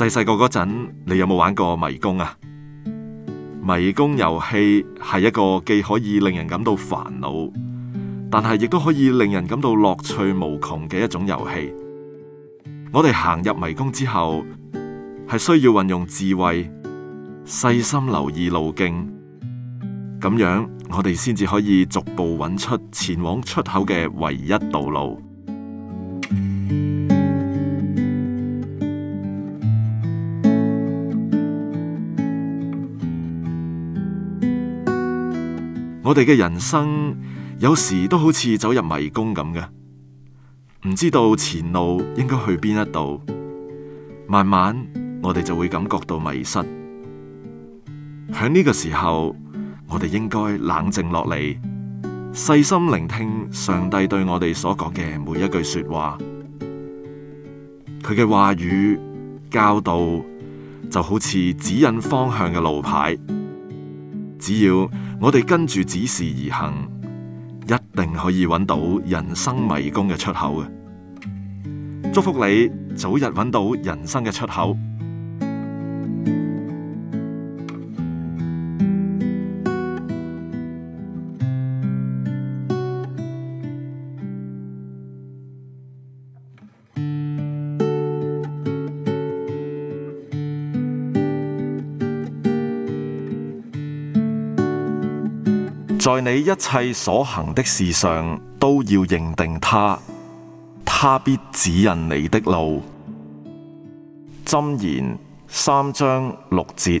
細細個嗰陣，你有冇玩過迷宮啊？迷宮遊戲係一個既可以令人感到煩惱，但係亦都可以令人感到樂趣無窮嘅一種遊戲。我哋行入迷宮之後，係需要運用智慧、細心留意路徑，咁樣我哋先至可以逐步揾出前往出口嘅唯一道路。我哋嘅人生有時都好似走入迷宮咁嘅，唔知道前路應該去邊一度。慢慢我哋就會感覺到迷失。喺呢個時候，我哋應該冷靜落嚟，細心聆聽上帝對我哋所講嘅每一句說話。佢嘅話語教導就好似指引方向嘅路牌。只要我哋跟住指示而行，一定可以揾到人生迷宮嘅出口嘅。祝福你早日揾到人生嘅出口。在你一切所行的事上，都要認定他，他必指引你的路。箴言三章六節。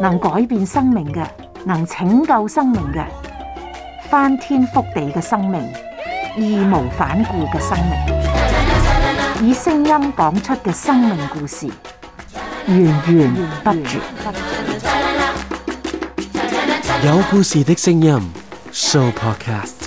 能改變生命嘅，能拯救生命嘅，翻天覆地嘅生命，義無反顧嘅生命，以聲音講出嘅生命故事，源源不絕。有故事的聲音，Show Podcast。